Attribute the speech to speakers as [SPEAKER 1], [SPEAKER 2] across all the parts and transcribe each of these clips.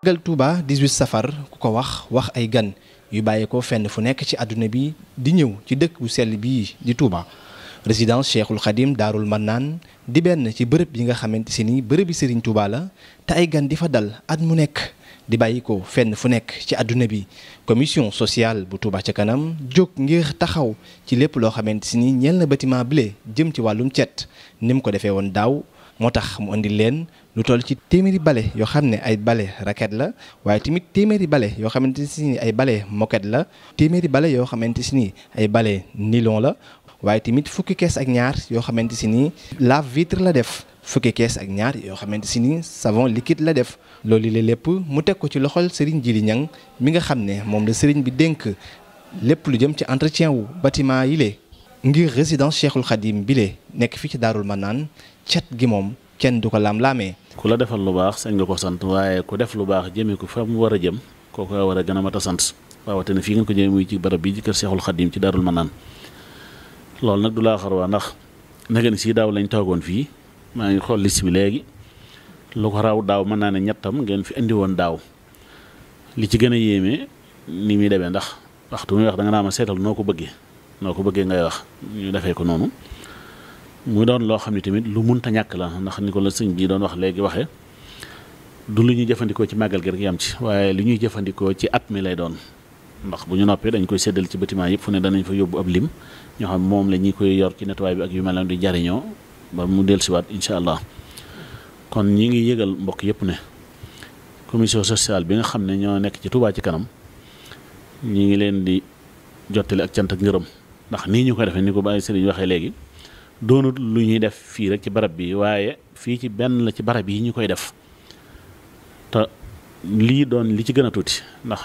[SPEAKER 1] Màggal Touba 18 safar ku ko wax wax ay gan yu bàyyi ko fenn fu nekk ci àdduna bi di ñëw ci dëkk bu sell bii di Touba résidence Cheikhul Khadim Daarul Mannaan di benn ci bërëb yi nga xamante si ni bërëbi Serigne Touba la te ay gan di fa dal at mu nekk di bàyyi ko fenn fu nekk ci àdduna bi commission sociale bu Touba ci kanam jóg ngir taxaw ci lépp loo xamante si ni ñeel na bâtiment bile jëm ci wàllum cet ni mu ko defee woon daaw. moo tax mu indi leen lu toll ci téeméeri bale yoo xam ne ay bale raquette la waaye tamit téeméeri bale yoo xamante si ni ay bale moquette la téeméeri bale yoo xamante si ni ay bale nylon la waaye tamit fukki kees ak ñaar yoo xamante si ni lave vitre la def fukki kees ak ñaar yoo xamante si ni savon liquide la def loolu la lépp mu teg ko ci loxol Serigne Djily Niang mi nga xam ne moom la Serigne bi dénk lépp lu jëm ci entretien wu bâtiment yi le ngir résidence Cheikhul Khadim bi le nekk fii ci Daarul Manaan cet gi moom kenn du ko laam laamee
[SPEAKER 2] ku la defal lu baax sañ nga ko sant waaye ku def lu baax jëmee ko fa mu war a jëm kooku war a gën a mat a sant waawate ne fii ngeen ko jëmee muy ci barab bi ci kër Seexul Xadim ci Daarul Manaan loolu nag du laa xar xarwaa ndax nageen sii daaw lañ toogoon fii maa ngi xool liste bi léegi lu ko raw daaw mën naa ne ñettam ngeen fi indi woon daaw li ci gën a yéeme ni muy demee ndax waxtu muy wax danga nga naa ma seetal noo ko bëggee noo bëggee ngay wax ñu defee ko noonu mu doon loo xam ne tamit lu munta ñàkk la ndax ni ko la sëñ bii doon wax léegi waxee du lu ñuy jëfandikoo ci màggal gi rek yam ci waaye li ñuy jëfandikoo ci at mi lay doon ndax bu ñu noppee dañ koy séddal ci bâtiment yëpp fu ne danañ fa yóbbu ab lim ñoo xam moom la ñi koy yor ci nettoyage bi ak yu mel noonu di jariñoo ba mu dellusiwaat incha allah kon ñi ngi yëgal mbokk yëpp ne commission sociale bi nga xam ne ñoo nekk ci Touba ci kanam ñi ngi leen di jottali ak cant ak ndax nii ñu koy defee ni ko bàyyi sëriñ waxee léegi doonut lu ñuy def fii rek ci barab bii waaye fii ci benn la ci barab yi ñu koy def te lii doon li ci gën a tuuti ndax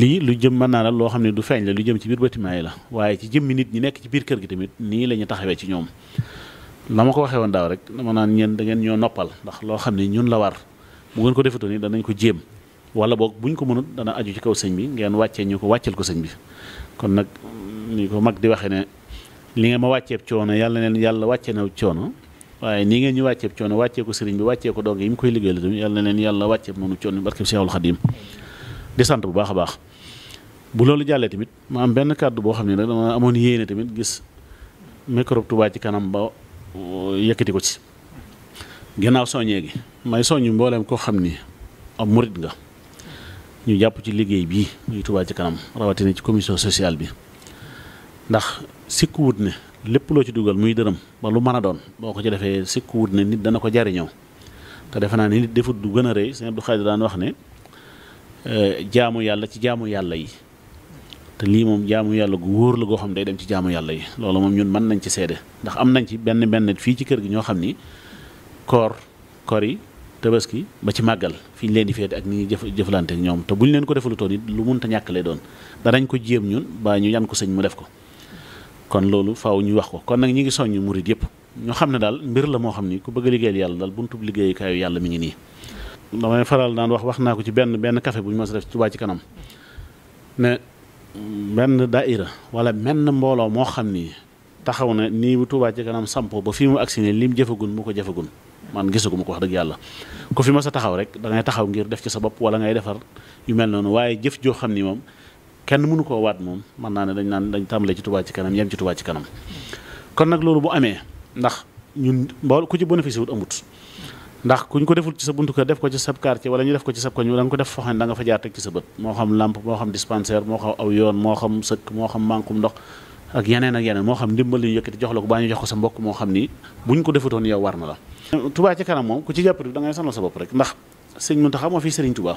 [SPEAKER 2] lii lu jëm man naa la loo xam ne du feeñ la lu jëm ci biir bâtiment yi la waaye ci jëm mi nit ñi nekk ci biir kër gi tamit nii la ñu taxawee ci ñoom la ma ko waxee woon daaw rek dama naan ñeen dangeen ñoo noppal ndax loo xam ne ñun la war bu ngeen ko defatu ni danañ ko jéem wala boog buñ ko mënut dana aju ci kaw sëñ bi ngeen wàccee ñu ko wàcceel ko sëñ bi kon nag mag di waxee ne li nga ma wàcceeb coono yàlla neen yàlla wàcce na coono waaye nii ngeen ñu wàcceeb coono wàccee ko sëriñ bi wàccee ko dong yi mu koy liggéey la tamit yàlla neen yàlla wàcceeb noonu coono barkeb Seexul Xadiim di sant bu baax a baax bu loolu jàllee tamit ma benn kàddu boo xam ne nag amoon yéene tamit gis microbe ci kanam ba uh, yëkkati ko ci ginnaaw soññee gi may soññu mbooleem koo xam ni ab murit nga ñu jàpp ci liggéey bi muy Touba ci kanam rawatina ci commission sociale bi ndax sikku wut ne lépp loo ci dugal muy dërëm ba lu mën a doon boo ko ci defee sikku wut ne nit dana ko jariñoo te defe naa ni nit defut du gën a rëy sëñ Abdou Khadre daan wax ne eh, jaamu yàlla ci jaamu yàlla yi te lii moom jaamu yàlla gu wóor la goo xam day dem ci jaamu yàlla yi loolu moom ñun mën nañ ci seede ndax am nañ ci benn benn fii ci kër gi ñoo xam ni koor kor yi tabaski ba ci màggal fii ñu leen di feete ak ni ñuy jëf jëflante ñoom te bu ñu leen ko defalutoon it lu munta ñàkk lay doon danañ ko jéem ñun ba ñu yan ko sëñ mu def ko kon loolu faw ñuy wax ko kon nag ñu ngi soññ murit yëpp ñu xam ne daal mbir la moo xam ni ku bëgg a liggéeyal yàlla daal buntub liggéeyukaayu yàlla mu ngi nii damay faral daan wax wax naa ko ci benn benn café bu ñu mas a def ci Touba ci kanam ne benn daaira wala menn mbooloo moo xam ni taxaw na nii bu Touba ci ba fii mu agsi ne lim jëfagun mu ko jëfagun man gisaguma ko wax dëgg yàlla ko fi ma a taxaw rek da taxaw ngir def ci sa bopp wala ngay defar yu mel noonu waaye jëf joo xam ni moom kenn mënu koo waat moom mën naa ne dañ naan dañ tàmbalee ci Touba ci kanam yem ci Touba ci kanam kon nag loolu bu amee ndax ñun mbool ku ci bénéfice wut amut ndax kuñ ko deful sa buntu kër def ko ci wala ñu def ko ci sab koñ da nga ko def foo xam ne da nga fa jaar teg ci sa bët moo xam lamp moo xam dispensaire moo xam aw moo xam sëkk moo xam mankum ndox ak yeneen ak yeneen moo xam ndimbal li ñu yëkkati jox la ko baa ñu jox ko sa mbokk moo xam ni buñ ko defutoon yow war na la Touba ci kanam moom ku ci jàppati da ngay sonal sa bopp rek ndax sëñ Muntaxa moo fi sëriñ Touba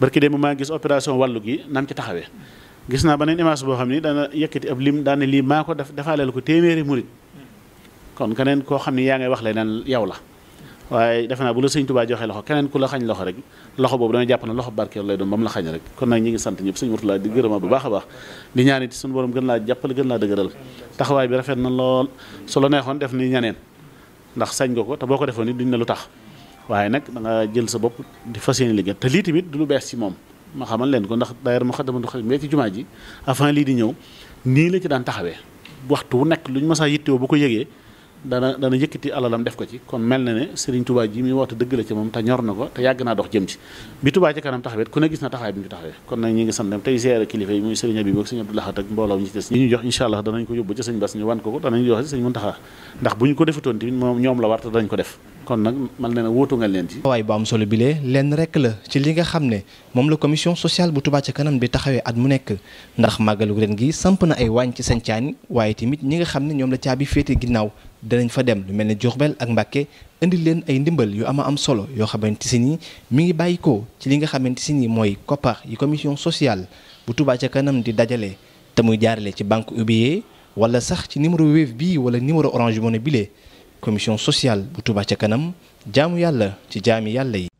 [SPEAKER 2] barki démb maa gis opération wàllu gi nam ci taxawee gis naa beneen image boo xam ni dana yëkkati ab lim daane lii maa ko def defaaleel ko téeméeri kon keneen koo xam ni yaa ngay wax leneen yow la waaye defe naa bu la sëñ Tuubaa joxee loxo keneen ku la xañ loxo rek loxo boobu damay jàpp na loxo barkeel lay doon ba la xañ rek kon nag ñi ngi sant ñëpp sëñ Murtala di gërëma bu baax a baax di ñaan it suñu borom gën laa jàppale gën laa dëgëral taxawaay bi rafet na lool su la neexoon def ni ñaneen ndax sañ nga ko te boo ko defoon ni duñ ne lu tax waaye nag danga jël sa bopp di fas yéene liggéey te lii tamit du lu bees ci moom ma xamal leen ko ndax daayira Moukhaddamatoul Khidma bi ci jumaa ji avant lii di ñëw nii la ci daan taxawee waxtu wu nekk lu ñu mës a yittewoo bu ko yëgee dana dana yëkkati alalam def ko ci kon mel na ne Serigne Touba ji muy woote dëgg la ci moom te ñor na ko te yàgg naa dox jëm ci bi Touba ci kanam taxawet ku ne gis na taxawaay bi ñu ko yóbbu ci Serigne ndax bu ñu ko defatoon tamit moom ñoom la war te danañ ko def kon nag man nee na wóotu nga leen ci. waaye
[SPEAKER 1] bu am solo bile lenn rek la ci li nga xam ne moom la commission sociale bu Touba ca kanam bi taxawee at mu nekk ndax màggalu ren gi samp na ay waañ ci sancaani waaye tamit ñi nga xam ne ñoom la caabi féete ginnaaw danañ fa dem lu mel ne Diourbel ak Mbàkke indi leen ay ndimbal yu ama am solo yoo xamante si ni mi ngi bàyyi ci li nga xamante si ni mooy koppar yi commission sociale bu Touba ca kanam di dajale te muy jaarale ci banque UBA wala sax ci numéro Wave bii wala numéro Orange Money bile. commission sociale bu Touba ca kanam jaamu yàlla ci jaami yàlla yi